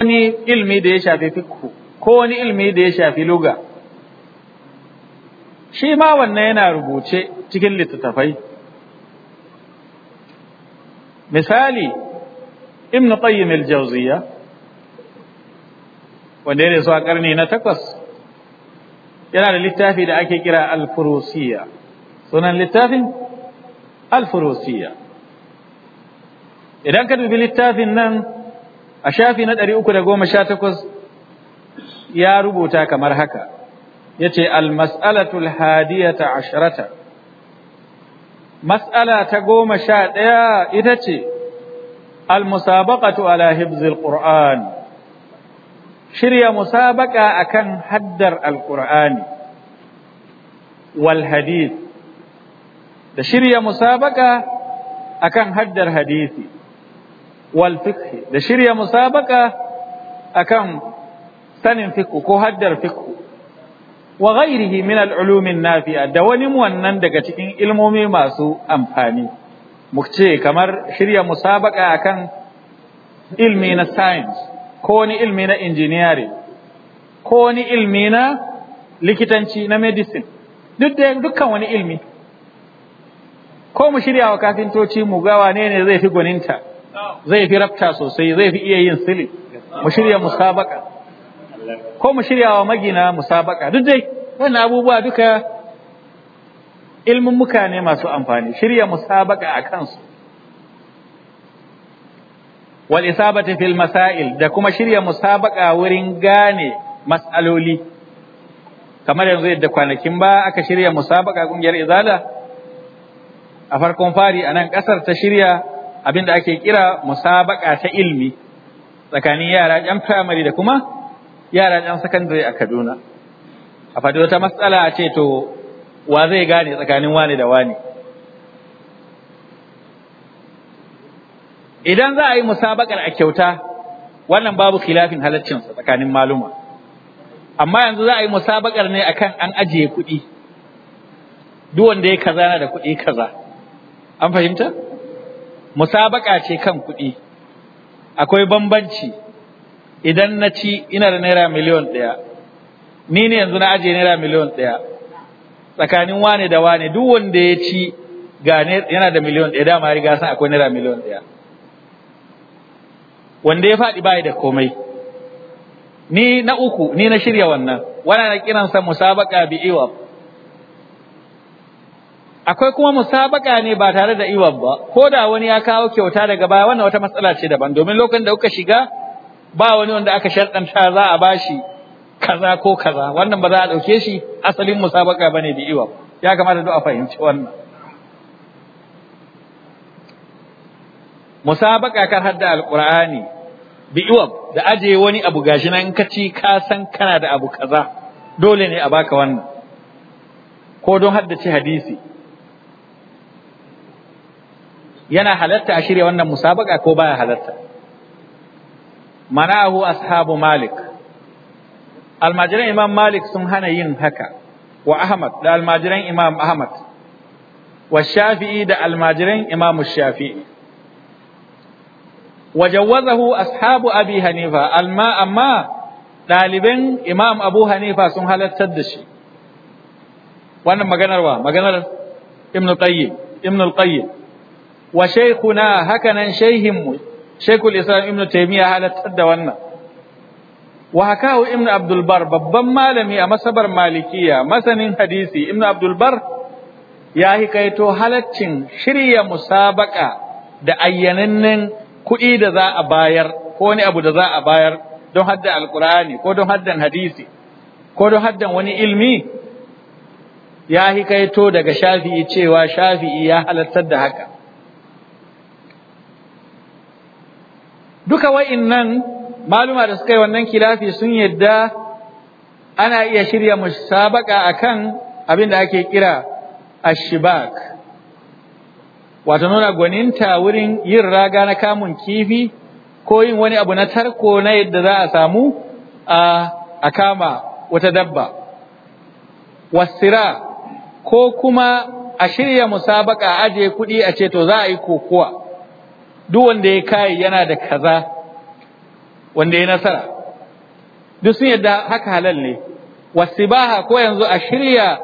wani ilmi da ya shafi fikhu ko wani ilmi da ya shafi luga shi ma wannan yana rubuce cikin littattafai misali ibn qayyim al-jawziya wanda ya rasu a karni na takwas yana da littafi da ake kira al-furusiya sunan littafin al idan ka dubi littafin nan a shafi na ɗari uku da goma sha takwas ya rubuta kamar haka ya ce almas'alatul hadiyata ashirata. mas'ala ta goma sha ɗaya ita ce almusabaqatu ala hibzil qur'an shirya musabaka akan haddar alqur'ani wal hadith da shirya musabaka akan haddar hadisi wal da shirya musabaka akan sanin fiqh ko haddar fiqh wa ghairihi min al ulumin nafi'a da wani wannan daga cikin ilmomi masu amfani mu ce kamar shirya musabaka akan ilmi na science ko wani ilmi na engineering ko wani ilmi na likitanci na medicine duk da dukkan wani ilmi ko mu shirya wa kafintoci mu ga wane ne zai fi gwaninta zai fi rafta sosai zai fi iya yin sili mu shirya musabaka ko mu shirya wa magina musabaka duk dai wannan abubuwa duka ilmin muka ne masu amfani shirya musabaka a kansu wal isabati fil masail da kuma shirya musabaka wurin gane mas'aloli kamar yanzu yadda kwanakin ba aka shirya musabaka kungiyar izala a farkon fari a nan kasar ta shirya abin da ake kira musabaka ta ilmi tsakanin yara ɗan firamare da kuma yara ɗan sakandare a Kaduna a faɗi wata matsala a ce to wa zai gane tsakanin wani da wani idan za a yi musabakar a kyauta wannan babu khilafin halaccinsa tsakanin maluma amma yanzu za a yi musabakar ne akan an ajiye kuɗi duk wanda ya kaza na da kuɗi kaza an fahimta musabaka ce kan kuɗi akwai bambanci idan na ci ina da naira miliyon ɗaya ni ne yanzu na ajiye naira miliyon ɗaya tsakanin wane da wane duk wanda ya ci yana da miliyon ɗaya dama riga san akwai naira miliyon ɗaya wanda ya faɗi bai da komai ni na uku ni na shirya wannan wannan na kiransa musabaka bi iwab akwai kuma musabaka ne ba tare da iwan ba ko da wani ya kawo kyauta daga baya wannan wata matsala ce daban domin lokacin da kuka shiga ba wani wanda aka sharɗanta za a bashi kaza ko kaza wannan ba za a ɗauke shi asalin musabaka bane bi iwan ya kamata duk a fahimci wannan musabaka kan hadda alqur'ani bi iwan da aje wani abu gashi nan ka ci ka san kana da abu kaza dole ne a baka wannan ko don haddace hadisi yana halatta a shirya wannan musabaka ko baya halatta manahu ashabu malik almajiran imam malik sun hana yin haka wa ahmad da almajiran imam ahmad wa shafi'i da almajiran imam shafi'i وجوزه أصحاب abi Hanifa alma amma ɗaliban Imam Abu Hanifa sun halartar da shi wannan maganar wa maganar Ibn Qayyim Ibn Qayyim wa shaykhuna hakanan shayhinmu shaykhul islam ibnu taymiya halattar da wannan wa hakahu ibnu abdul bar babban malami a masabar malikiya masanin hadisi ibnu abdul bar ya hikaito halaccin shirya musabaka da ayyanannen kuɗi da za a bayar ko wani abu da za a bayar don haddan alkur'ani ko don haddan hadisi ko don haddan wani ilmi ya hikaito daga shafi'i cewa shafi'i ya halartar da haka duka nan, maluma da suka yi wannan kilafi sun yadda ana iya shirya musabaka akan abin da ake kira ashibak wato nuna gwaninta wurin yin raga na kamun kifi ko yin wani abu na tarko na yadda za a samu a kama wata dabba wasira ko kuma a shirya musabaka aje kuɗi a ce to za a yi kokowa duk wanda ya kai yana da kaza wanda ya nasara duk sun yadda haka halal ne wasibaha ko yanzu a shirya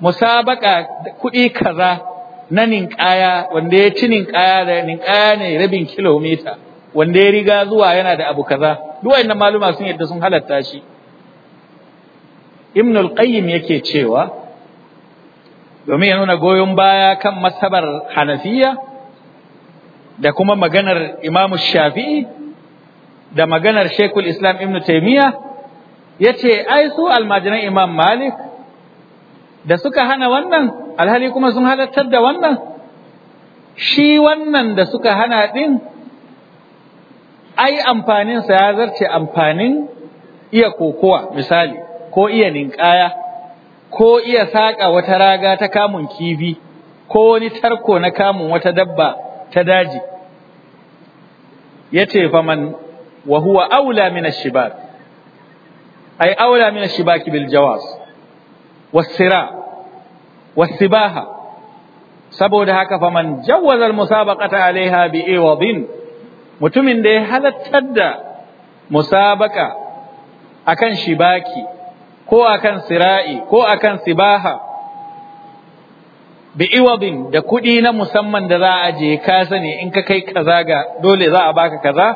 musabaka kuɗi kaza na ninkaya wanda ya ci ninkaya da ninkaya ne rabin kilomita wanda ya riga zuwa yana da abu kaza duk wanda maluma sun yadda sun halatta shi ibn al-qayyim yake cewa domin ya nuna goyon baya kan masabar hanafiya da kuma maganar Imam Shafi'i da maganar Sheikhul Islam Ibn Taymiyyah yace ai su almajiran Imam Malik da suka hana wannan alhali kuma sun halattar da wannan shi wannan da suka hana din ai amfanin sa ya zarce amfanin iya kokowa misali ko iya ninkaya ko iya saƙa wata raga ta kamun kifi ko wani tarko na kamun wata dabba ta daji yace faman wa huwa aula min ash-shibak aula min bil saboda haka faman jawwaza al-musabaqata alaiha bi iwadin mutumin da ya halattar da musabaka akan shibaki ko akan sira'i ko akan sibaha bi'iwadin da kuɗi na musamman da za a je ka sani in ka kai kaza ga dole za a baka kaza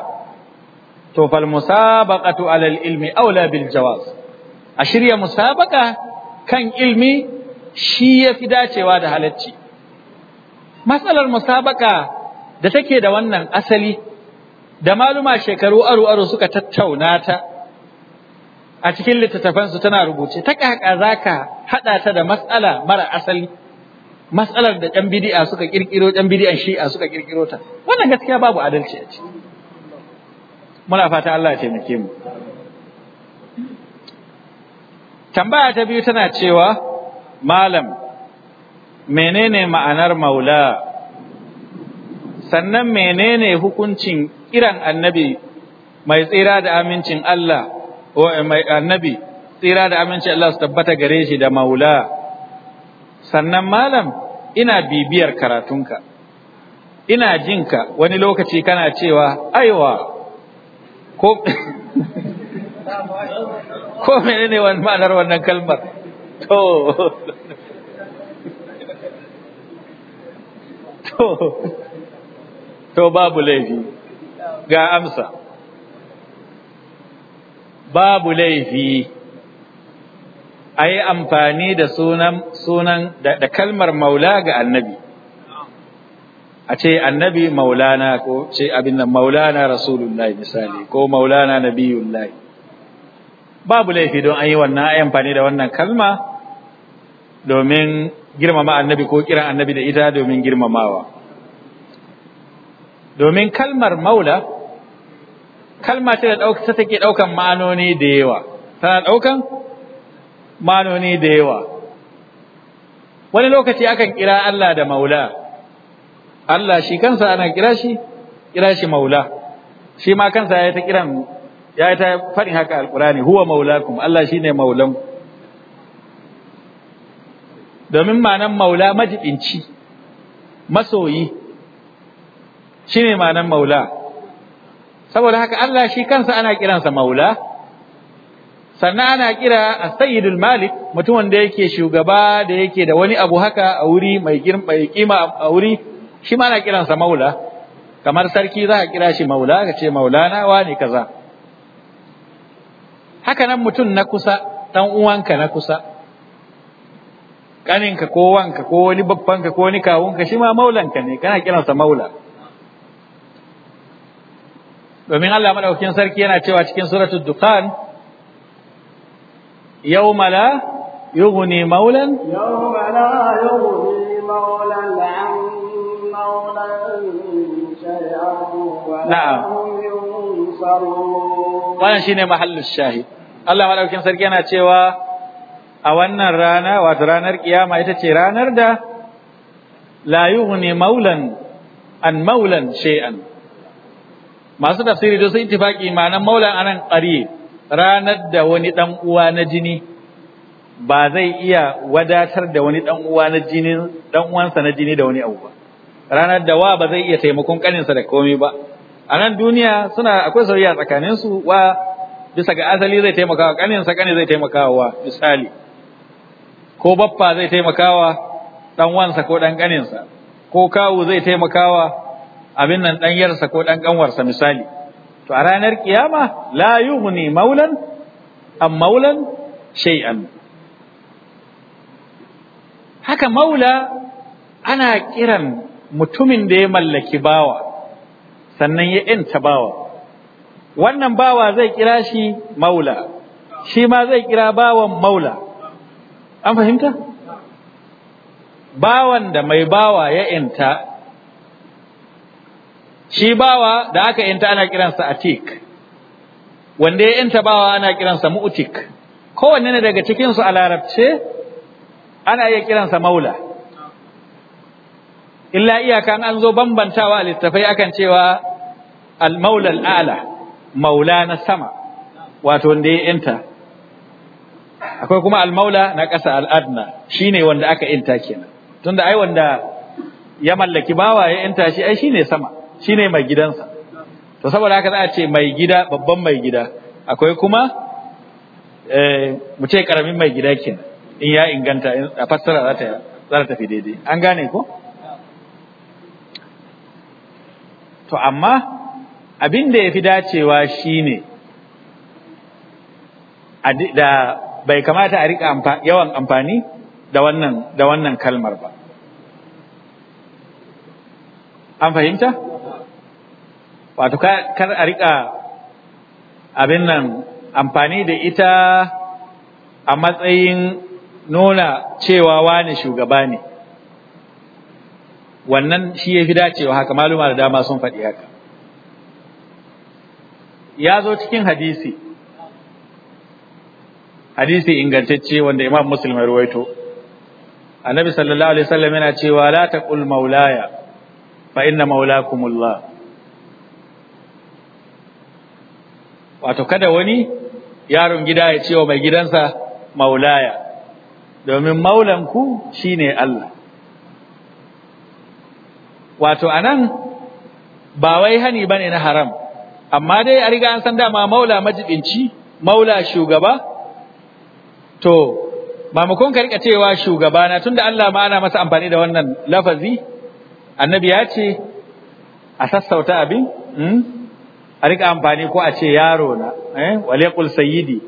to fal musabaqatu alal ilmi aula bil jawaz a shirya musabaƙa kan ilmi shi yafi dacewa da halacci matsalar musabaqa da take da wannan asali da maluma shekaru aru aru suka tattauna ta a cikin littattafansu tana rubuce ta kaka zaka hada ta da matsala mara asali matsalar da ɗan bidi'a suka ƙirƙiro, ɗan bidi'an shi'a suka ƙirƙiro ta wannan gaskiya babu adalci a ciki muna fata Allah ya taimake mu tambaya ta biyu tana cewa malam menene ma'anar maula sannan menene hukuncin kiran annabi mai tsira da amincin Allah ko mai annabi tsira da amincin Allah su tabbata gare shi da maula sannan malam ina bibiyar karatunka ina jinka wani lokaci kana cewa aiwa ko ko menene wani ma'anar wannan kalmar to to babu laifi ga amsa babu laifi a yi amfani da sunan sunan da kalmar maula ga annabi a ce annabi maulana ko ce abin nan maulana rasulullahi misali ko maulana nabiyullahi babu laifi don an yi wannan a amfani da wannan kalma domin girmama annabi ko kiran annabi da ita domin girmamawa domin kalmar maula kalma ce da ta take ɗaukan ma'anoni da yawa tana ɗaukan manoni da yawa wani lokaci akan kira Allah da maula Allah shi kansa ana kira shi kira shi maula shi ma kansa ya ta kiran ya ta faɗin haka alkurani huwa maulakum Allah shine maulan domin ma'anan maula majidinci, masoyi shine ma'anan maula saboda haka Allah shi kansa ana kiransa maula sannan ana kira a sayyidul malik mutum wanda yake shugaba da yake da wani abu haka a wuri mai kima a wuri shi ma ana kiransa maula kamar sarki za ka kira shi maula ka ce maulana wani kaza haka nan mutum na kusa dan uwanka na kusa kaninka ko wanka ko wani babbanka ko wani kawunka shi ma maulanka ne kana kiransa maula domin Allah madaukakin sarki yana cewa cikin suratul dukhan يوم لا يغني مولا يوم لا يغني مولا عن مولا شيئا نعم wannan shine mahallin shahid Allah madaukakin sarki yana cewa a wannan rana wato ranar kiyama ita ce ranar da la yughni maulan an maulan shay'an masu tafsiri da su ittifaqi ma'anan maulan anan qari ranar da wani ɗan uwa na jini ba zai iya wadatar da wani ɗan uwa na jini ɗan uwansa na jini da wani abu ba ranar da wa ba zai iya taimakon ƙaninsa da komai ba a nan duniya suna akwai soyayya tsakanin su wa bisa ga asali zai taimakawa ƙaninsa kanin zai taimakawa wa misali ko baffa zai taimakawa ɗan ko ɗan ƙaninsa ko kawu zai taimakawa abin nan ɗanyarsa ko ɗan ƙanwarsa misali to a ranar kiyama la yughni maulan am maulan shay'an haka maula ana kiran mutumin da ya mallaki bawa sannan ya inta bawa wannan bawa zai kira shi maula shi ma zai kira bawan maula an fahimta bawan da mai bawa ya inta shi bawa da aka yanta ana kiransa atik wanda ya yanta bawa ana kiransa mu'tik kowanne ne daga cikin su a larabce ana iya kiransa maula illa iyaka an zo bambantawa a littafai akan cewa al-maula al-a'la maula na sama wato wanda ya yanta akwai kuma al-maula na ƙasa al-adna shine wanda aka yanta kenan tunda ai wanda ya mallaki bawa ya yanta shi ai shine sama shine mai gidansa to saboda haka za a ce mai gida babban mai gida akwai kuma eh mu ce karamin mai gida kenan in ya inganta a fassara za ta za ta tafi daidai an gane ko to amma abin da ya fi dacewa shine da bai kamata a rika yawan amfani da wannan kalmar ba an fahimta wato kar a rika abin nan amfani da ita a matsayin nuna cewa wani shugaba ne wannan shi ya fi dacewa haka maluma da dama sun faɗi haka ya zo cikin hadisi hadisi ingantacce wanda imam muslim ya ruwaito annabi sallallahu alaihi wasallam yana cewa la taqul maulaya fa inna maulakumullah wato kada wani yaron gida ya ce wa mai gidansa maulaya domin maulanku shine Allah wato anan ba wai hani bane na haram amma dai a riga an san dama maula majibinci maula shugaba to mu ka karka cewa shugaba na tunda Allah ma ana masa amfani da wannan lafazi annabi ya ce a sassauta abin hmm? a rika amfani ko a ce yaro na eh waliqul sayyidi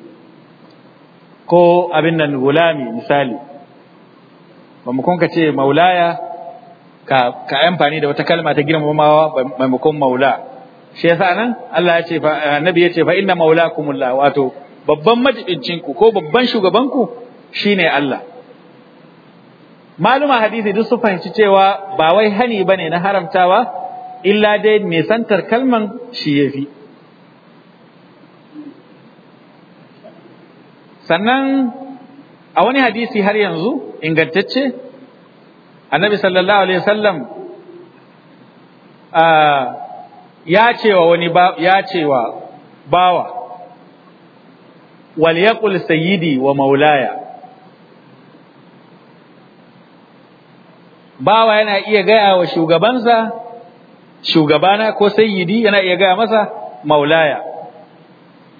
ko abin nan gulami misali maimakon ka ce maulaya ka ka amfani da wata kalma ta girmamawa maimakon maula shi yasa nan Allah ya ce fa annabi ya ce fa inna maulakumullah wato babban majibincin ku ko babban shugaban ku shine Allah maluma hadisi duk su fahimci cewa ba wai hani bane na haramtawa illa dai mai santar kalman shi ya fi sannan a wani hadisi har yanzu ingantacce annabi sallallahu alaihi wasallam ah, ya ce wa wani ya ce bawa wal sayyidi wa maulaya bawa yana iya gaya wa shugabansa shugabana ko sayyidi yana iya gaya masa maulaya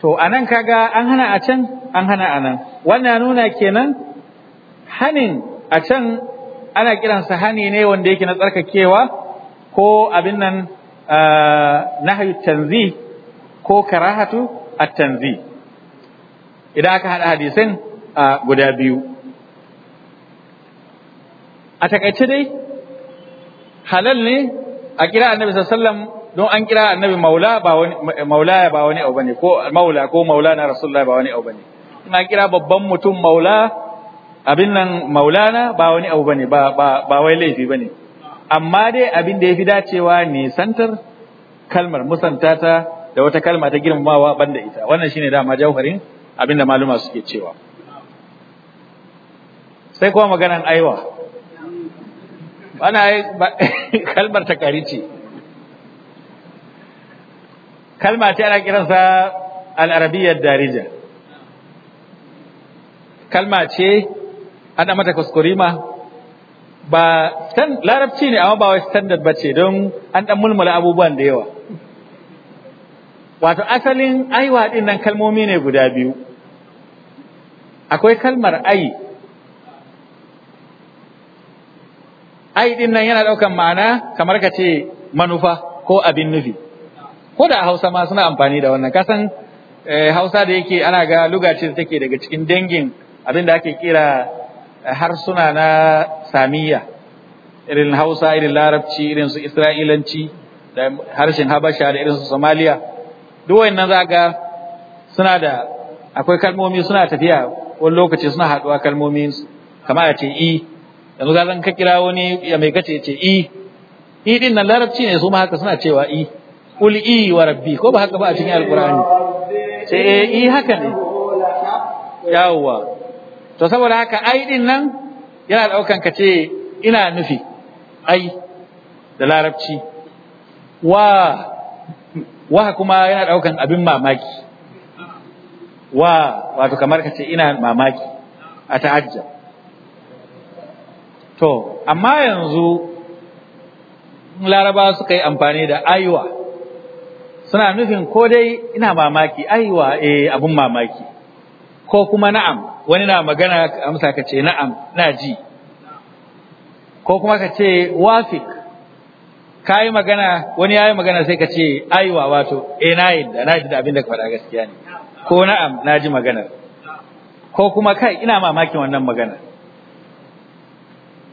to anan kaga an hana a can an hana a nan wannan nuna kenan hanin a can ana kiransa hani ne wanda yake na tsarkakewa ko abin nan nahyu tanzi ko karahatu a tanzi idan aka hada hadisin guda biyu a takaice dai halal ne a kira annabi sallallahu don an kira annabi maula ba wani maula ba wani abu bane ko maula ko maulana rasulullahi ba wani abu bane ina kira babban mutum maula abin nan maulana ba wani abu bane ba ba wai laifi bane amma dai abin da yafi dacewa ne santar kalmar musanta ta da wata kalma ta girmamawa banda ita wannan shine dama jauharin abin da maluma suke cewa sai kuma maganan aiwa ana yi kalmar kari ce kalma ce ana kiransa al'arabiyyar darija kalma ce ana mata kuskurima ba larabci ne amma ba wai standard ba ce don an ɗan mulmula abubuwan da yawa wato asalin aiwa ɗin nan kalmomi ne guda biyu akwai kalmar ai ai din nan yana daukan ma'ana kamar ka ce manufa ko abin nufi ko da Hausa ma suna amfani da wannan kasan eh, Hausa da yake ana ga da take daga cikin dangin abin da ake kira eh, harsuna na samiyya irin Hausa irin Larabci irin su Isra'ilanci da harshen Habasha da irin su Somalia duk wayannan za ga suna da akwai kalmomi suna tafiya wani lokaci suna haɗuwa kalmomin kamar a ce i yanzu ga zan ka kira wani ya mai kace ce i i din nan larabci ne su ma haka suna cewa i qul i wa rabbi ko ba haka ba a cikin alqur'ani E! i haka ne yawwa to saboda haka ai din nan yana daukan ka ce ina nufi ai da larabci wa wa kuma yana daukan abin mamaki wa wato kamar ka ce ina mamaki a ta'ajjab to amma yanzu laraba suka yi amfani da aiwa suna nufin ko dai ina mamaki aiwa eh abun mamaki ko kuma na'am wani na magana amsa ka ce na'am na ji ko kuma ka ce wafik ka yi magana wani ya yi magana sai ka ce aiwa wato eh na yadda na ji da abin da ka faɗa gaskiya ne ko na'am na ji maganar ko kuma kai ina mamakin wannan maganar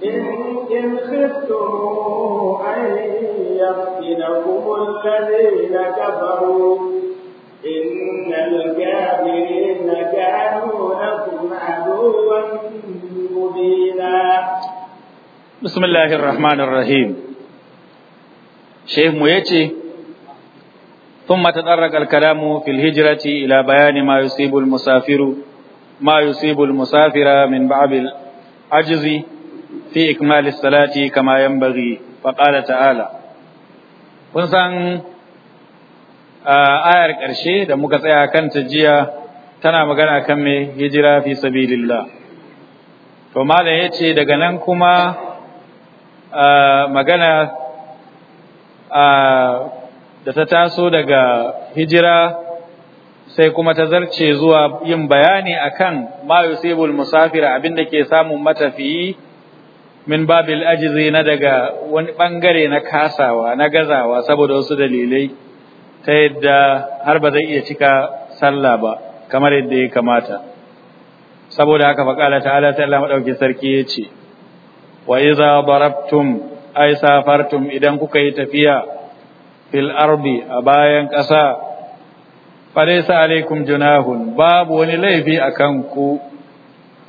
إن خفتم أن يفتنكم الذين كفروا إن الكافرين كانوا لكم عدوا مبينا بسم الله الرحمن الرحيم شيخ ميتي ثم تطرق الكلام في الهجرة إلى بيان ما يصيب المسافر ما يصيب المسافر من بعض العجز fi ikmalis salati kama yanbaghi fa qala ta'ala kun san ayar ƙarshe da muka tsaya kanta jiya tana magana kan me hijira fi sabilillah to malam yace daga nan kuma magana da ta taso daga hijira sai kuma ta zarce zuwa yin bayani akan mayusibul musafira abinda ke samun matafiyi min babil ajizi na daga wani bangare na kasawa na gazawa saboda wasu dalilai ta yadda har ba zai iya cika sallah ba kamar yadda ya kamata saboda haka faƙala ta'ala ta Allah madauki sarki ya ce wa iza darabtum ay safartum idan kuka yi tafiya fil ardi a bayan ƙasa laysa alaikum junahun babu wani laifi akan ku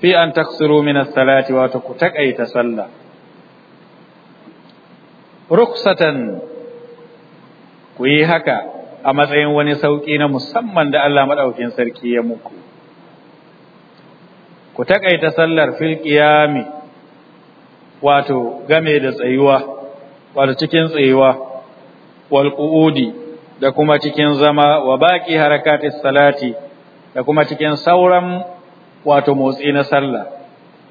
fi an taksuru min as-salati wa ku takaita sallah ruksatan ku yi haka a matsayin wani sauki na musamman da Allah madaukin sarki ya muku ku takaita sallar fil qiyami wato game da tsayuwa wato cikin tsayuwa wal qu'udi da kuma cikin zama wa baki harakatis salati da kuma cikin sauran wato motsi na sallah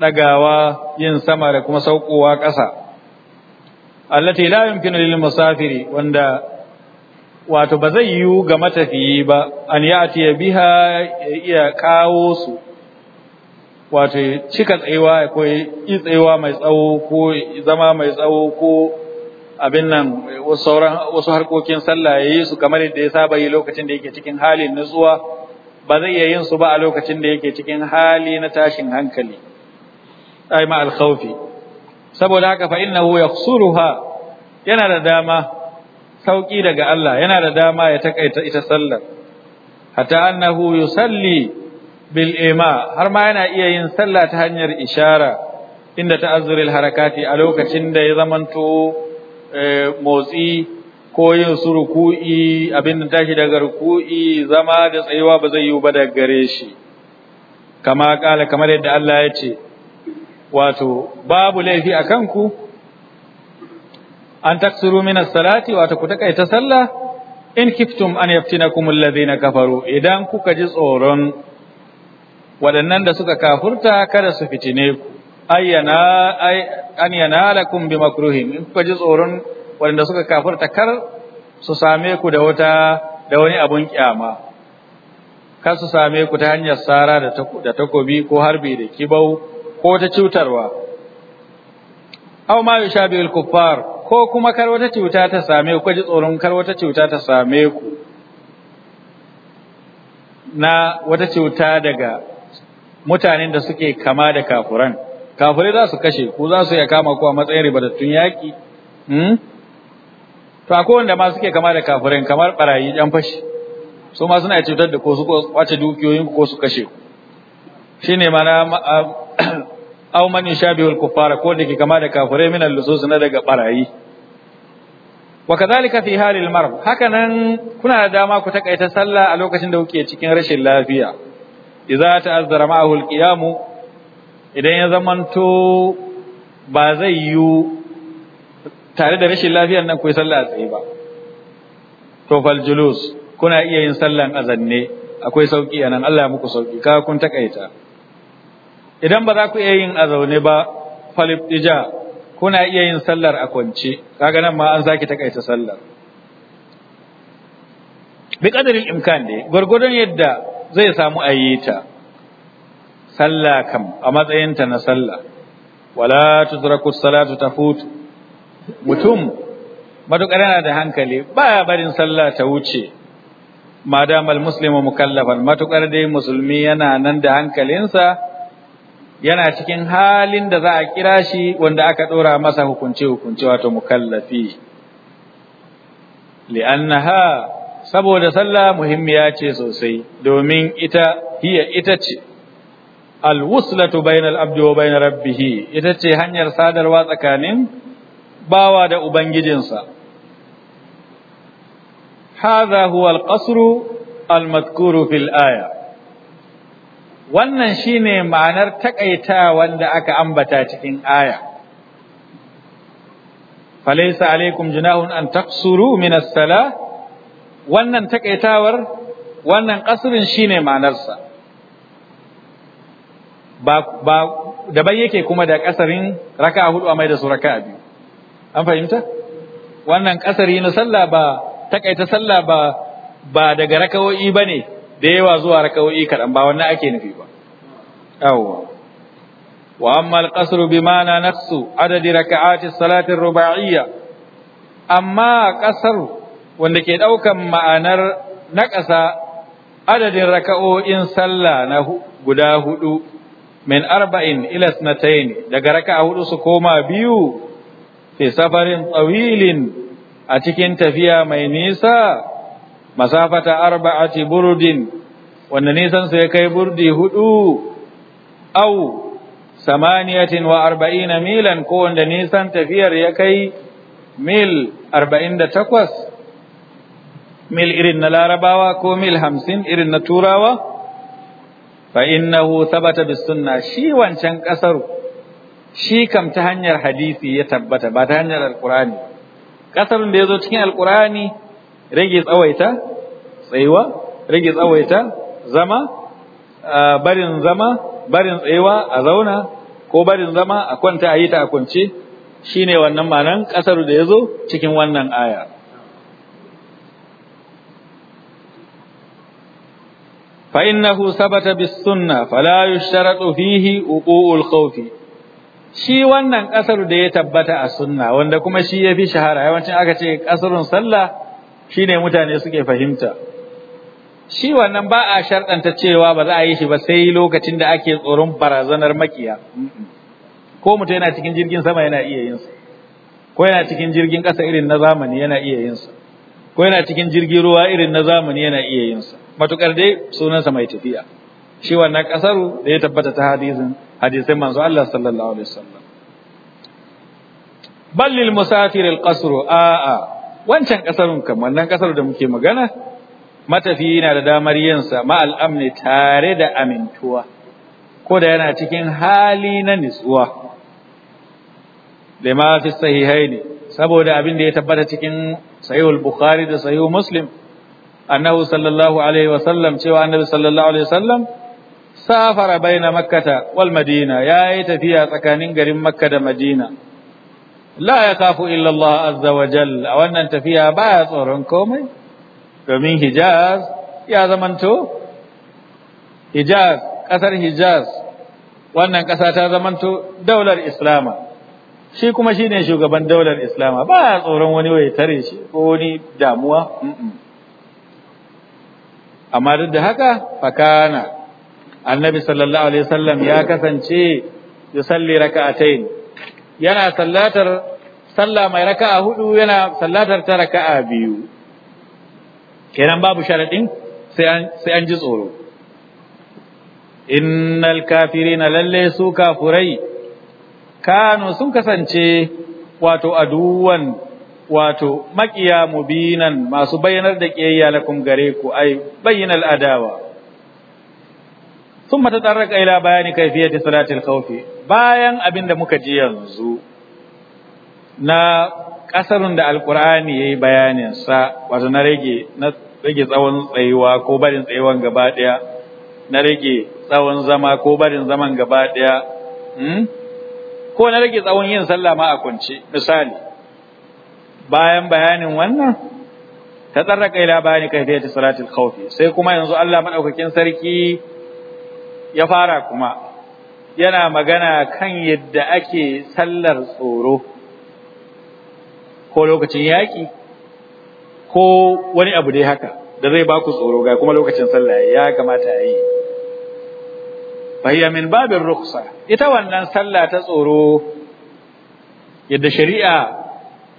ɗagawa yin sama da kuma saukowa ƙasa allati la yumkinu lil musafiri wanda wato ba zai yiwu ga matafiyi ba an ya'ti biha ya kawo su wato cika tsayuwa ko yi tsayuwa mai tsawo ko zama mai tsawo ko abin nan wasu sauran wasu harkokin sallah yayi su kamar yadda ya saba yi lokacin da yake cikin halin nutsuwa ba zai iya yin su ba a lokacin da yake cikin hali na tashin hankali ai ma alkhawfi saboda haka fa innahu yaqsuruha yana da dama sauki daga Allah yana da dama ya takaita ita sallar hatta annahu yusalli bil ima har ma yana iya yin sallah ta hanyar ishara inda Azuril harakati a lokacin da ya zamanto eh, motsi ko yin su ruku'i abin da tashi daga ruku'i zama da tsayuwa ba zai yi ba da gare shi kama kala kamar yadda Allah ya ce wato babu laifi a ku? an taksuru min salati wato ku taƙaita sallah in kiftum an yaftinakum alladhina kafaru idan kuka ji tsoron waɗannan da suka kafurta kada su fitine ku ayyana an yanalakum bi makruhin in kuka ji tsoron waɗanda suka kafirta kar su same ku da wata da wani abun ƙyama, kar su same ku ta hanyar sara da takobi ko harbi da kibau ko ta cutarwa aw ma yushabiul kuffar ko kuma kar wata cuta ta same ku ji tsoron kar wata cuta ta same ku na wata cuta daga mutanen da suke kama da kafuran kafurai za su kashe ku za su iya kama ku a matsayin ribatattun yaƙi hmm? to akwai wanda ma suke kama da kafirin kamar barayi yan fashi su ma suna cutar da ko su kwace dukiyoyin ko su kashe ku ne mana aw man kuffara ko da ke kama da kafirai min al-lusus na daga barayi wa kadhalika fi halil marb nan kuna da dama ku takaita sallah a lokacin da kuke cikin rashin lafiya idza ta'azzara ma'ahu al-qiyamu idan ya zamanto ba zai yiwu tare da rashin lafiyar nan ku yi sallah a tsaye ba to fal julus kuna iya yin sallan azanne akwai sauki anan Allah ya muku sauki ka kun takaita idan ba za ku iya yin azaune ba fal ibtija kuna iya yin sallar a kwance kaga nan ma an zaki takaita sallar bi kadarin imkan ne gwargwadon yadda zai samu ayyita sallah kam a matsayinta na sallah wala tudraku salatu tafutu mutum matukar yana da hankali Ba ya barin sallah ta wuce madamal muslimu mukallafan matukar dai musulmi yana nan da hankalinsa yana cikin halin da za a kira shi wanda aka ɗora masa hukunce hukunce wato mukallafi li'annaha saboda sallah muhimmiya ce sosai domin ita hiya ita ce alwuslatu bainal abdi wa bainar rabbihi ita ce hanyar sadarwa tsakanin bawa da ubangijinsa hadha huwa alqasru almadhkuru fil aya wannan shine ma'anar takaita wanda aka ambata cikin aya falaysa alaikum junahun an taqsuru min as-salah wannan takaitawar wannan shi shine ma'anarsa ba ba daban yake kuma da kasarin raka hudu a mai da su raka'a biyu an fahimta wannan kasari na sallah ba takaita sallah ba ba daga rakawo'i bane da yawa zuwa rakawo'i kaɗan ba wannan ake nufi ba yawwa wa amma al-qasru bi mana naqsu adadi raka'ati salati rubaiyya amma ƙasar wanda ke daukan ma'anar naƙasa adadin raka'o'in sallah na guda hudu min arba'in ila sanatayn daga raka'a hudu su koma biyu fi safarin tsawilin a cikin tafiya mai nisa masafata arba'ati burdin wanda nisan sai ya kai burdi hudu au samaniyatin wa arba'ina milan ko wanda nisan tafiyar ya kai mil arba'in da takwas mil irin na larabawa ko mil hamsin irin na turawa fa innahu thabata bis sunna shi wancan kasaru shi kam ta hanyar hadisi ya tabbata ba ta hanyar alkurani kasarun da ya zo cikin alkurani rage tsawaita tsayuwa rage tsawaita zama barin zama barin tsayuwa a zauna ko barin zama a kwanta a yi ta kunce shine wannan ma'anan kasar da ya zo cikin wannan aya فإنه ثبت بالسنة فلا يشترط فيه وقوع الخوف shi wannan ƙasar da ya tabbata a sunna wanda kuma shi ya fi shahara yawancin aka ce ƙasarun sallah shi ne mutane suke fahimta shi wannan ba a sharɗanta cewa ba za a yi shi ba sai lokacin da ake tsoron barazanar makiya ko mutum yana cikin jirgin sama yana iya yin su, ko yana cikin jirgin ƙasa irin na zamani yana iya yin su, ko yana cikin jirgin ruwa irin na zamani yana iya yin su, matukar dai sunansa mai tafiya shi wannan ƙasar da ya tabbata ta hadisin hadisai manzo Allah sallallahu alaihi wasallam bal lil musafir al qasru a a wancan kasarun kam wannan kasar da muke magana matafiyi na da damar yin sa ma al amni tare da amintuwa ko da yana cikin hali na nitsuwa lima fi sahihaini saboda abin da ya tabbata cikin sahihul bukhari da sahihul muslim annahu sallallahu alaihi wasallam cewa annabi sallallahu alaihi wasallam safara na makkata wal madina yayi tafiya tsakanin garin makka da madina la ya kafu illallah, azza wa jal a wannan tafiya ya tsoron komai domin Hijaz ya zamanto Hijaz kasar Hijaz wannan kasa ta zamanto daular Islama shi kuma shine shugaban daular Islama ya tsoron wani waye tare shi ko wani damuwa amma duk da haka fakana annabi sallallahu alaihi wasallam ya kasance yusalli raka'atayn yana sallatar sallah mai raka'a hudu yana sallatar ta raka'a biyu kenan babu sharadin sai an sai an ji tsoro innal kafirina lalle su kafurai Kano sun kasance wato aduwan wato makiya mubinan masu bayyanar da kiyayya lakum gare ku ai bayyinal adawa sun mata tsarraka ila bayani kaifiyati salatil khawfi bayan abin muka ji yanzu na kasarun da alqur'ani yayi bayanin sa wato na rage na rage tsawon tsayuwa ko barin tsayuwan gaba daya na rage tsawon zama ko barin zaman gaba daya hmm? ko na rage tsawon yin sallah ma a kwance misali bayan bayanin wannan ta tsarraka ila bayani kaifiyati salatil khawfi sai kuma yanzu Allah madaukakin sarki ya fara kuma yana magana kan yadda ake sallar tsoro ko lokacin yaƙi ko wani abu dai haka da zai ba ku tsoro ga kuma lokacin sallah ya kamata a yi fahiya min babin ruksa ita wannan sallah ta tsoro yadda shari'a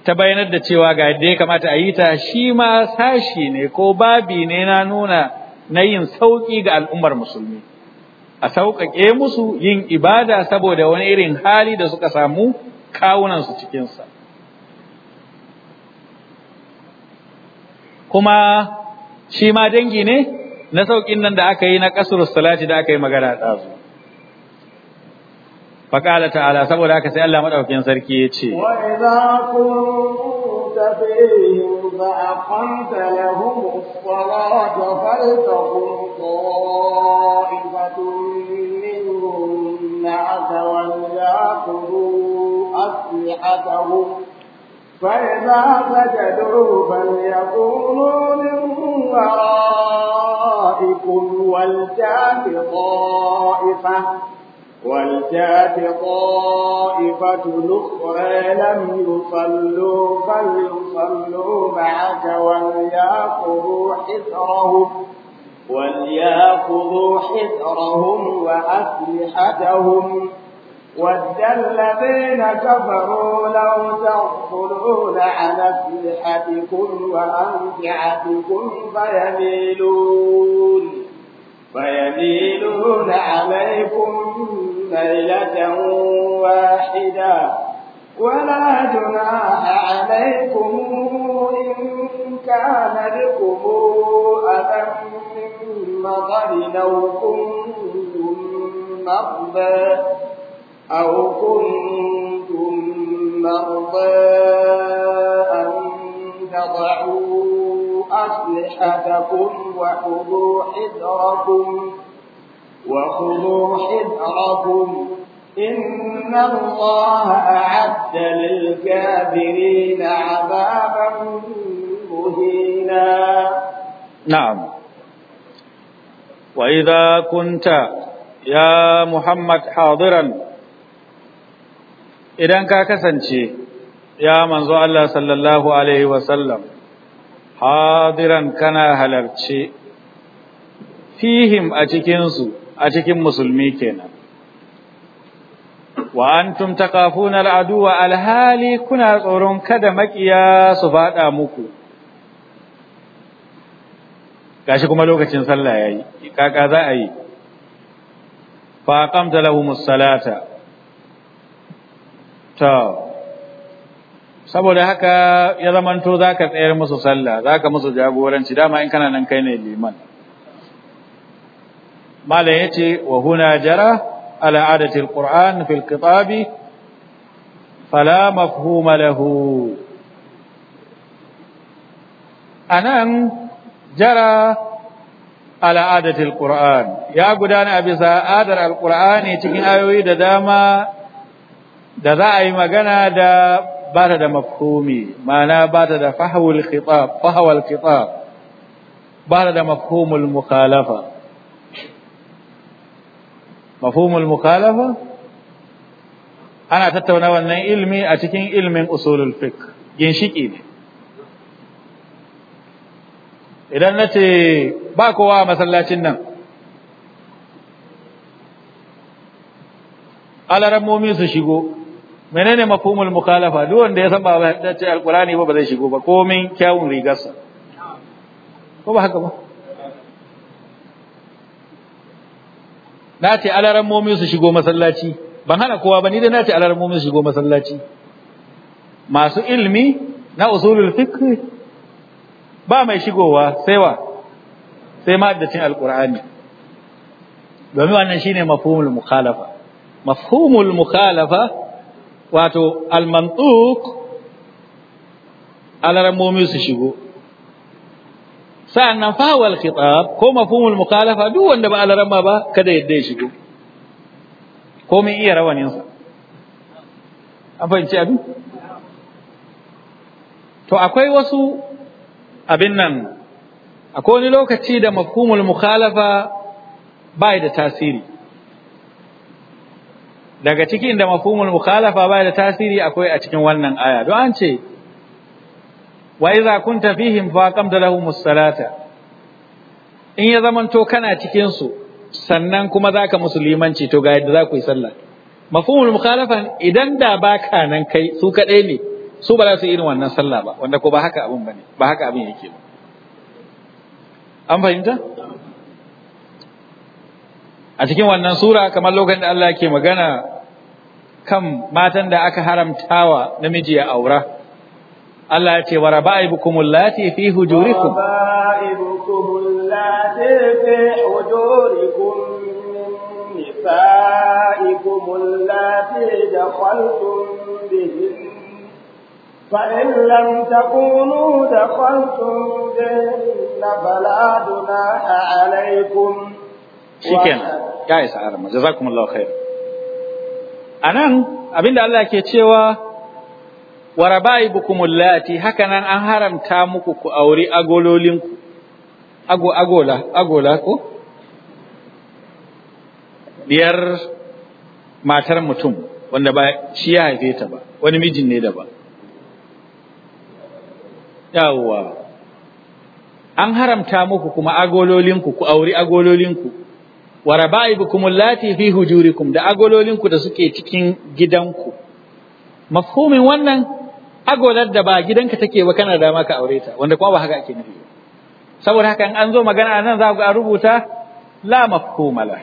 ta bayanar da cewa ga yadda ya kamata a yi ta shi ma sashi ne ko babi ne na nuna na yin sauƙi ga al'ummar musulmi a sauƙaƙe musu yin ibada saboda wani irin hali da suka samu kawunansu cikinsa. Kuma shi ma dangi ne na sauƙin nan da aka yi na ƙasar salati da aka yi magana ɗazu. Faƙala ta'ala saboda aka sai Allah maɗaukin sarki ya ce, فيهم فأقمت لهم الصلاة فلتقم طائفة منهم معك وليأخذوا أسلحتهم فإذا فجدوا فليكونوا من ورائكم ولتأت طائفة ولتات طائفة أخرى لم يصلوا فليصلوا معك وليأخذوا حذرهم وليأخذوا حذرهم وأسلحتهم ود الذين كفروا لو تغفلون عن أسلحتكم وأمتعتكم فيميلون فيميلون عليكم ليلة واحدة ولا جناح عليكم إن كان بكم أذى من مطر لو كنتم مرضى أو كنتم مرضى أن تضعوا أسلحتكم وخذوا حذركم وخذوا حذركم إن الله أعد للكافرين عذابا مهينا نعم وإذا كنت يا محمد حاضرا idan ka kasance ya manzo Allah sallallahu alaihi wasallam hadiran kana halarci fihim a cikinsu a cikin musulmi kenan wa antum taqafuna al'aduwa alhali kuna tsoron kada makiya su fada muku gashi kuma lokacin sallah yayi kaka za a yi fa aqamta lahumus salata to saboda haka ya zamanto zaka tsayar musu sallah zaka musu jagoranci dama in kana nan kai ne liman malam yace wa huna jara ala adati alquran fil khitabi fala mafhuma lahu anan jara ala adati alquran ya gudana a bisa adar alqurani cikin ayoyi da dama da za a yi magana da ba ta da mafhumi ma'ana ba ta da fahawul khitab fahawul khitab ba ta da mafhumul mukhalafa mafhumul mukhalafa ana tattauna wannan ilmi a cikin ilmin usulul fiqh ginshiki ne idan nace ba kowa a masallacin nan alarammomi su shigo menene mafhumul mukhalafa duk wanda ya san ba ba ce alqurani ba ba zai shigo ba komin kyawun rigarsa ko ba haka ba na alaran momi su shigo masallaci ban hana kowa ba ni dai na alaran momi su shigo masallaci masu ilmi na usulul fiqh ba mai shigowa sai wa sai maddacin alqur'ani domin wannan shine mafhumul mukhalafa mafhumul mukhalafa wato al-mantuq alaran momi su shigo sa'annan fahawal khitab ko mafhumul mukhalafa duk wanda ba alarama ba kada yadda ya shigo ko mai iya rawanin sa an fahimci abin to akwai wasu abin nan akwai wani lokaci da mafhumul mukhalafa bai da tasiri daga cikin da mafhumul mukhalafa bai da tasiri akwai a cikin wannan aya don an ce wa idza kunta fihim fa aqamta lahum as-salata in ya to kana cikin su sannan kuma zaka musulmanci to ga yadda za ku yi sallah mafhumul mukhalafan idan da baka nan kai su kadai ne su ba za su yi irin wannan sallah ba wanda ko ba haka abin bane ba haka abin yake ba an fahimta a cikin wannan sura kamar lokacin da Allah yake magana kan matan da aka haramtawa namiji ya aura Allah ya ce wa raba'ibukum allati fi hujurikum raba'ibukum allati fi hujurikum nisaikum allati dakhaltum bihin فإن لم تكونوا دخلتم بهن فلا جناح عليكم شكرا يا إسعار جزاكم الله خير anan abinda Allah ke cewa wa rabaibukum allati hakanan an haramta muku ku auri agololinku ago agola agola ko biyar matar mutum wanda ba shi ya haife ta ba wani mijin ne da ba yawwa an haramta muku kuma agololinku ku auri agololinku wa raba'ibukum allati fi hujurikum da agololinku da suke cikin gidanku mafhumin wannan agolar da ba gidanka take ba kana da ka aure ta wanda kuma ba haka ake nufi saboda haka an zo magana nan za ku rubuta la mafhuma la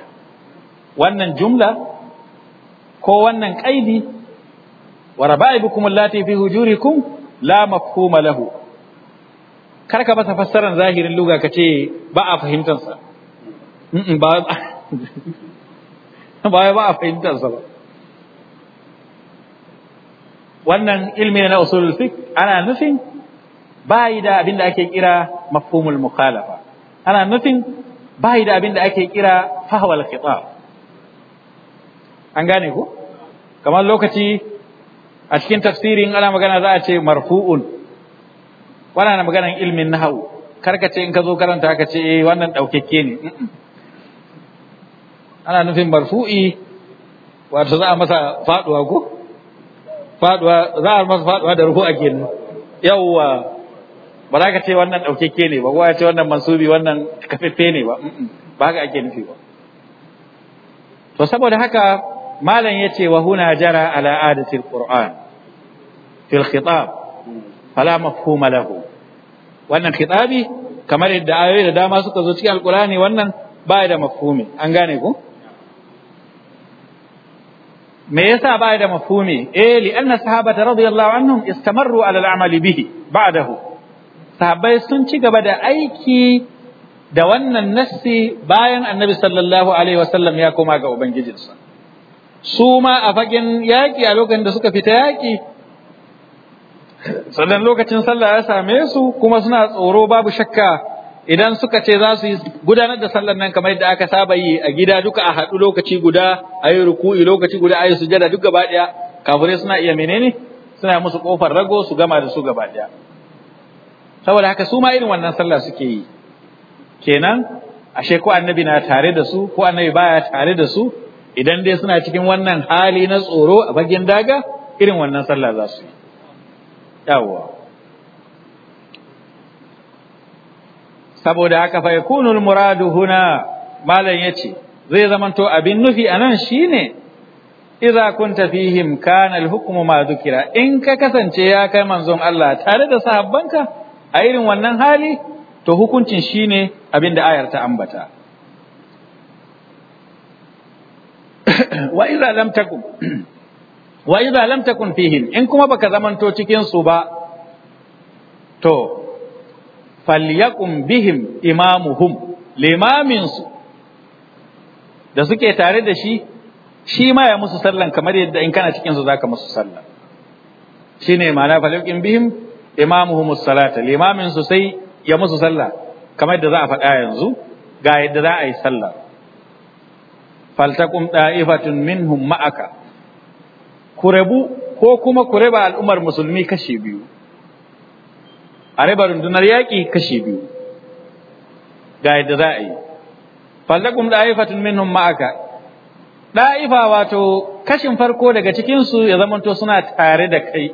wannan jumla ko wannan qaidi wa raba'ibukum allati fi hujurikum la mafhuma lahu kar ka masa fassarar zahirin luga ka ce ba a fahimtar sa ba ba a fahimtar sa ba wannan ilmi na usulul fiqh ana nufin bayi da abin ake kira mafhumul mukhalafa ana nufin bayi da abin ake kira fahwal khitab an gane ku kamar lokaci a cikin tafsirin ana magana za a ce marfu'un wannan maganan ilmin nahwu karka ce in ka zo karanta ka ce eh wannan daukekke ne ana nufin marfu'i wato za a masa faduwa ko faduwa za a masa faduwa da ruhu a kenan yawwa ba za ka ce wannan ɗaukeke ne ba ko ya ce wannan mansubi wannan kafaffe ne ba ba ka ake nufi ba to saboda haka malam ya ce wa huna jara ala adati alquran fil khitab fala mafhuma lahu wannan khitabi kamar yadda ayoyi da dama suka zo cikin alqur'ani wannan ba da mafhumi an gane ku me yasa ba da mafhumi eh li anna sahabata radiyallahu anhum istamarru ala al bihi ba'dahu sahabbai sun ci gaba da aiki da wannan nassi bayan annabi sallallahu alaihi wasallam ya koma ga ubangijinsa su ma a fagen yaƙi a lokacin da suka fita yaƙi sannan lokacin sallah ya same su kuma suna tsoro babu shakka idan suka ce za su gudanar da sallar nan kamar yadda aka saba yi a gida duka a haɗu lokaci guda a yi ruku'i lokaci guda a yi sujada duk gaba ɗaya kafirai suna iya menene suna musu kofar rago su gama da su gaba ɗaya saboda haka su ma irin wannan sallah suke yi kenan ashe ko annabi na tare da su ko annabi baya tare da su idan dai suna cikin wannan hali na tsoro a fagen daga irin wannan sallah za su yi yawwa saboda haka fa yakunul muradu huna malam yace zai zamanto abin nufi anan shine idza kunta fihim kana al ma dhukira in ka kasance ya kai manzon Allah tare da sahabbanka a irin wannan hali to hukuncin shine abin da ayar ta ambata wa idza lam takun wa idza lam takun fihim in kuma baka zamanto cikin su ba to falyaqum bihim imamuhum limamin su da suke tare da shi shi ma ya musu sallan kamar yadda in kana cikin su zaka musu sallah shine ma'ana falyaqum bihim imamuhum as-salata limamin su sai ya musu sallah kamar yadda za a faɗa yanzu ga yadda za a yi sallah faltaqum da'ifatun minhum ma'aka ku rabu ko kuma ku raba al'ummar musulmi kashi biyu a raba rundunar yaƙi kashi biyu ga yadda za a yi fallakum da'ifatun minhum ma'aka da'ifa wato kashin farko daga cikin su ya zamanto suna tare da kai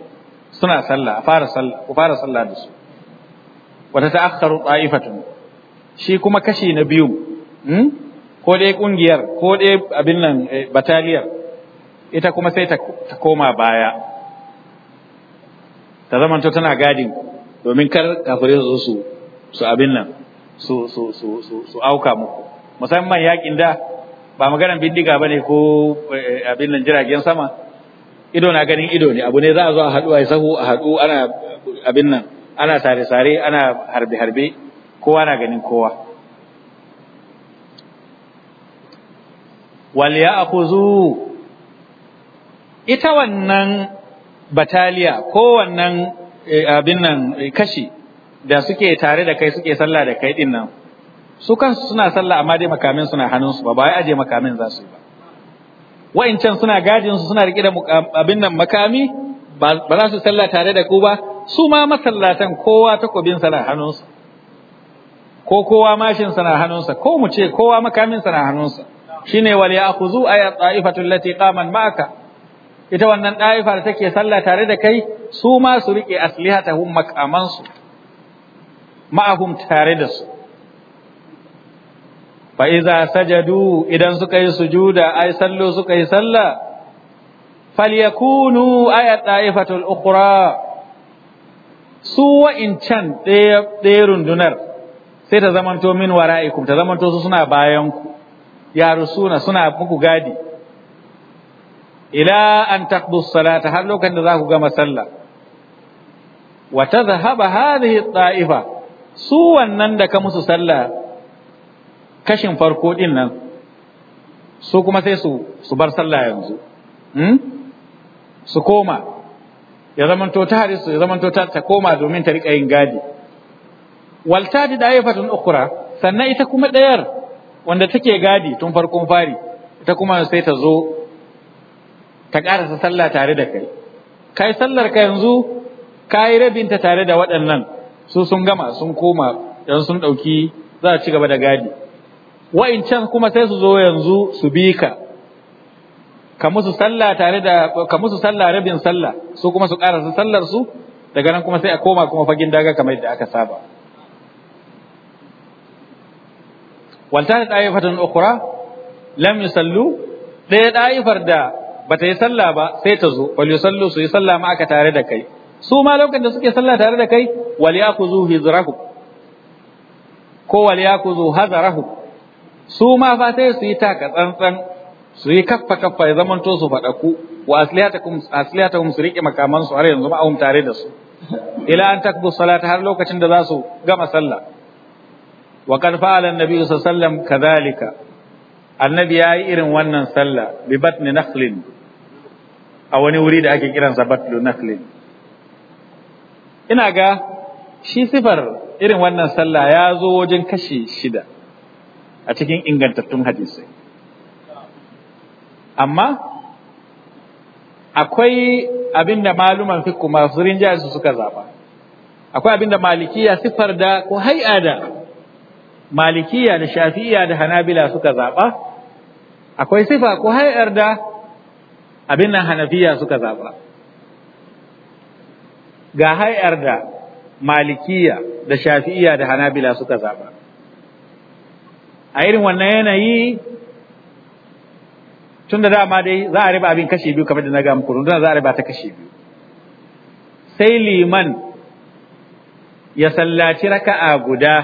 suna sallah fara sallah ku fara sallah da su wata ta'akhkharu da'ifatun shi kuma kashi na biyu hmm? ko dai kungiyar ko dai abin nan eh, bataliyar ita kuma sai ta koma baya ta zamanto tana gadin ku domin kar kafirai su su su abin nan su su su su su auka muku musamman yakin da ba maganar bindiga bane ko eh, abin nan jiragen sama ido na ganin ido ne abu ne za a zo a haɗu a sahu a haɗu ana abin nan ana sare-sare ana harbe-harbe kowa na ganin kowa wal ya'khudhu ita wannan bataliya ko wannan Eh, abin nan eh, kashi da suke tare da kai suke sallah da kai din nan su kansu suna sallah amma dai makamin suna hannunsu ba ba wai aje makamin za su yi ba wa'incan suna gadin su suna rike da abin nan makami ba za su sallah tare da ku ba su ma masallatan kowa takobin sana hannunsa ko kowa mashin sana hannunsa ko mu ce kowa makamin sana hannunsa shine wal ya'khudhu ayat ta'ifatul lati qaman ma'aka ita wannan ɗaifa da take sallah tare da kai su ma su riƙe aslihatahum makamansu ma'ahum tare da su fa iza sajadu idan suka yi sujuda ai sallu suka yi sallah falyakunu ayat ɗaifatul ukhra su wa in wa'incan ɗaya rundunar sai ta zamanto min wara'ikum ta zamanto su suna ya rusuna suna muku gadi ila an taqdu salata har lokacin da za ku gama sallah wa tadhhaba hadhihi ta'ifa su wannan da ka musu sallah kashin farko din nan su kuma sai su su bar sallah yanzu hmm? su koma ya zamanto ta harisu ya zamanto ta ta koma domin ta riƙa yin gadi waltadi da ayyafatun ukura sannan ita kuma ɗayar wanda take gadi tun farkon fari ita kuma sai ta zo ta ƙarasa sallah tare da kai kai sallar ka yanzu ka yi rabinta tare da waɗannan su sun gama sun koma don sun ɗauki za a ci gaba da gadi can kuma sai su zo yanzu su bi ka ka musu sallah tare da ka musu sallah rabin sallah su kuma su ƙarasa sallar su daga nan kuma sai a koma kuma fagin daga kamar da aka saba walta da ɗayifatan ukura lam yusallu ɗaya ɗayifar da bata yi sallah ba sai ta zo wal yusallu su yi sallah ma aka tare da kai su ma lokacin da suke sallah tare da kai wal yakuzu hizrahu ko wal yakuzu hazarahu su ma fa sai su yi taka tsantsan su yi kaffa kaffa ya zamanto su fadaku wa aslihatakum aslihatakum su rike makaman su har yanzu ma ma'ahum tare da su ila an takbu salata har lokacin da za su gama sallah wa qad fa'ala an-nabi sallallahu alaihi wasallam kadhalika annabi yi irin wannan sallah bi batni nakhlin a wani wuri da ake kiransa batlu naklin ina ga shi sifar irin wannan sallah ya zo wajen kashi shida a cikin ingantattun hadisai amma akwai abin da maluman fikku masu rinjaye su suka zaba akwai abin da malikiya sifar da ko hai'a da malikiya da shafi'iya da hanabila suka zaba akwai sifa ko hai'ar da abin nan hanafiya suka zaba ga hayar da malikiya da shafi'iya da hanabila suka zaba a irin wannan yanayi tun da dama dai za a riba abin kashe biyu kamar da na tun da za a riba ta kashe biyu sai liman ya sallaci raka'a guda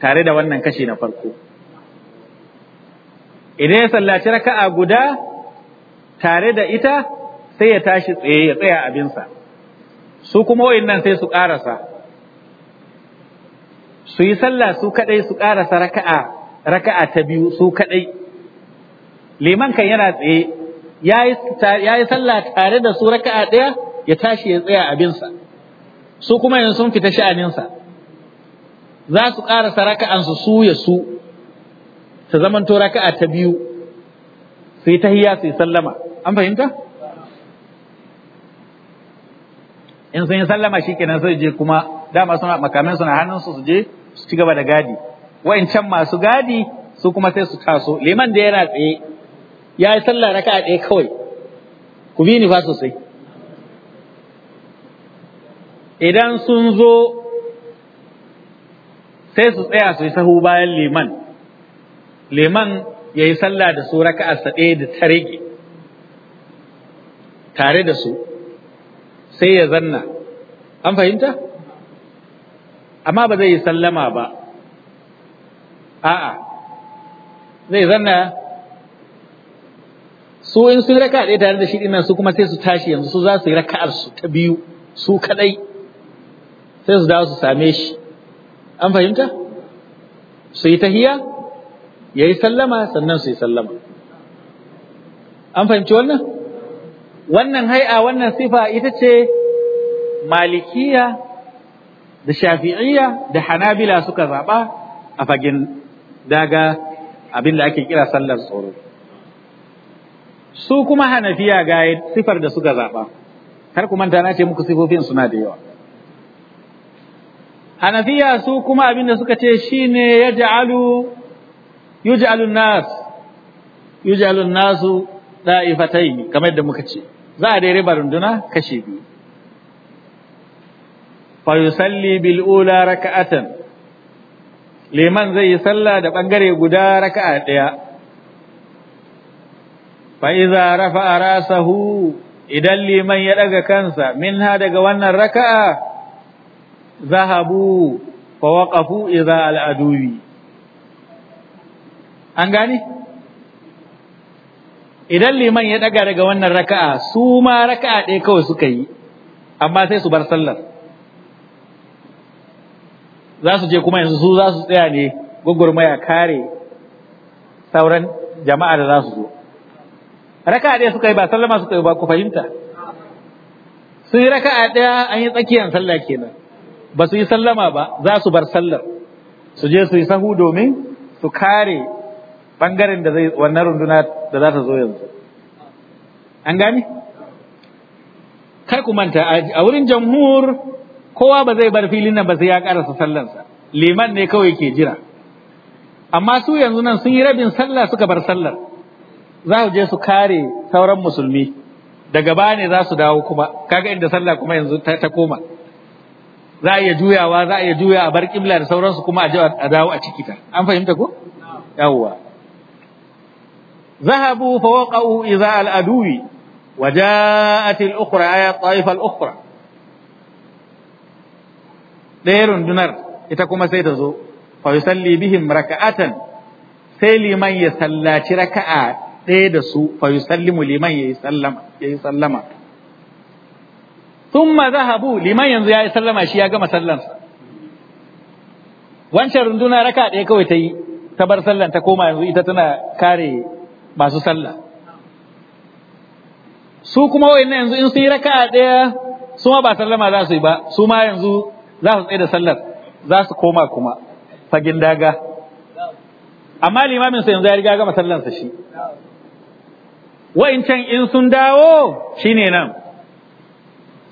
tare da wannan kashe na farko idan ya sallaci raka'a guda tare da ita sai ya tashi tsaye ya tsaya abinsa su kuma wayannan sai su ƙarasa su yi sallah su kadai su ƙarasa raka'a raka'a ta biyu su kadai liman kan yana tsaye ya yi sallah tare da su raka'a ɗaya ya tashi ya tsaya abinsa su kuma yanzu sun fita sha'aninsa za su ƙarasa raka'ansu su ya su ta zamanto raka'a ta biyu sai ta tahiyya su yi sallama an fahimta in sun yi sallama shi kenan sai je kuma dama suna makamin suna hannun su su je su ci gaba da gadi wa'incan masu gadi su kuma sai su taso liman da yana tsaye ya yi sallah a ɗaya kawai ku bi ni fa sosai idan sun zo sai su tsaya su yi sahu bayan liman liman ya yi sallah da su raka tsaye da ta rage tare da su sai ya zanna an fahimta amma ba zai yi sallama ba a'a zai zanna su in sun raka ɗaya tare da shi ɗin su kuma sai su tashi yanzu su za su yi raka'ar su ta biyu su kaɗai sai su dawo su same shi an fahimta su yi tahiya ya yi sallama sannan su yi sallama an fahimci wannan wannan hai'a wannan sifa ita ce malikiya da shafi'iyya da hanabila suka zaɓa a fagen daga abin da ake kira sallar tsoro su kuma hanafiya ga sifar da suka zaɓa kar ku manta na ce muku sifofin suna da yawa hanafiya su kuma abin da suka ce shine yaj'alu yuj'alu nas yuj'alu nasu da'ifataini kamar yadda muka ce za a dai riba runduna kashi biyu fa yusalli bil ula raka'atan liman zai yi sallah da bangare guda raka'a ɗaya. fa iza rafa rasahu idan liman ya daga kansa minha daga wannan raka'a zahabu fa waqafu iza al an gani idan liman ya daga daga wannan raka'a su ma raka'a ɗaya kawai suka yi amma sai su bar sallar za su je kuma yanzu su za su tsaya ne gwagwarmaya kare sauran jama'a da za su zo raka'a ɗaya suka yi ba sallama suka yi ba ku fahimta sun yi raka'a ɗaya an yi tsakiyar sallah kenan ba su yi sallama ba za su bar sallar su je su yi sahu domin su kare bangaren da zai wannan runduna da za ta zo yanzu an gani kar ku manta a wurin jamhur kowa ba zai bar filin nan ba sai ya karasa sallansa liman ne kawai ke jira amma su yanzu nan sun yi rabin sallah suka bar sallar za su je su kare sauran musulmi daga ba ne za su dawo kuma kaga inda sallah kuma yanzu ta koma za a iya juyawa za a iya juya a bar kibla da sauransu kuma a dawo a ciki ta an fahimta ko yawwa ذهبوا فوقعوا إزاء العدو وجاءت الأخرى آية الطائفة الأخرى ɗaya rundunar ita kuma sai ta zo fa yusalli bihim raka'atan sai liman ya sallaci raka'a ɗaya da su fa yusallimu liman yayi sallama sallama thumma zahabu liman yanzu yayi sallama shi ya gama wancan runduna raka ɗaya kawai ta yi ta bar sallar ta koma yanzu ita tana kare masu sallah su kuma wayanne yanzu in sun yi raka'a ɗaya su ma ba sallama za su yi ba su ma yanzu za su tsaye da sallar za su koma kuma fagin daga amma limamin sa yanzu ya riga gama sa shi wa'incan in sun dawo shine nan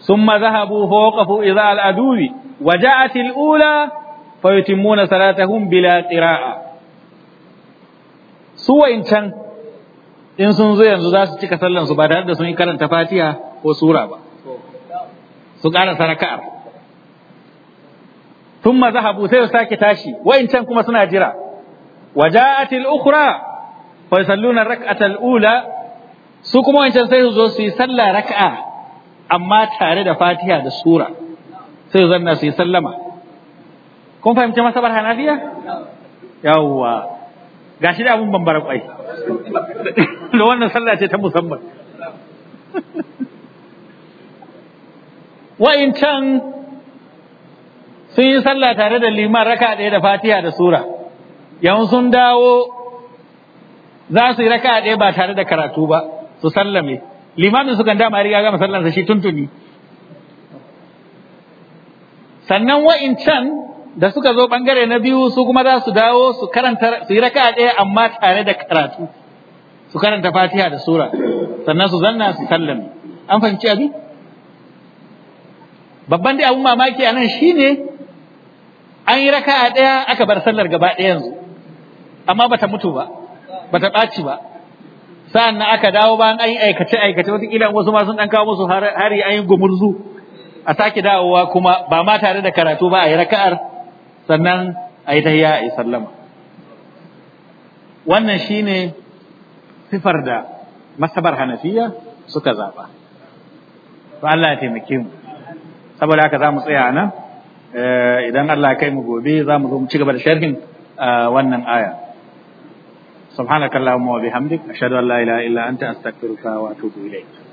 sun ma zahabu fa waqafu idza al-aduwi wa ja'at al-ula fa yutimmuna salatahum bila qira'a su wa'incan in sun zo yanzu za su cika sallansu ba tare da sun yi karanta Fatiya ko sura ba su ƙara saraka'ar tun mazahabu sai su sake tashi wa'incan kuma suna jira waja'atil ukhra fa yusalluna rak'atal ula su kuma wa'incan sai su zo su yi sallah raka'a amma tare da fatiha da sura sai su zanna su yi sallama kun fahimci masabar hanafiya yawwa gashi da abun bambara kwai da wannan sallah ce ta musamman wa'in can sun yi sallah tare da liman raka ɗaya da fatiha da sura yawon sun dawo za su yi raka ɗaya ba tare da karatu ba su sallame limamin su kan dama riga gama sallarsa shi tuntuni sannan wa'in can da suka zo bangare na biyu su kuma za su dawo su karanta su yi raka'a ɗaya amma tare da karatu su karanta Fatiha da sura sannan su zanna su sallame an fahimci abin babban dai abun mamaki a nan shine an yi raka'a ɗaya aka bar sallar gaba ɗaya yanzu amma bata mutu ba bata ɓaci ba sa'an nan aka dawo bayan an yi aikace aikace wataƙila wasu ma sun ɗan kawo musu hari an yi gumurzu a sake dawowa kuma ba ma tare da karatu ba a yi raka'ar sannan a yi tahiyya a yi sallama wannan shine sifar da masabar hanafiya suka zaba ba Allah ya taimake mu saboda haka za mu tsaya nan eh, idan Allah ya kai mu gobe za mu zo mu ci gaba da sharhin eh, wannan aya سبحانك اللهم وبحمدك أشهد أن لا إله إلا أنت أستغفرك وأتوب إليك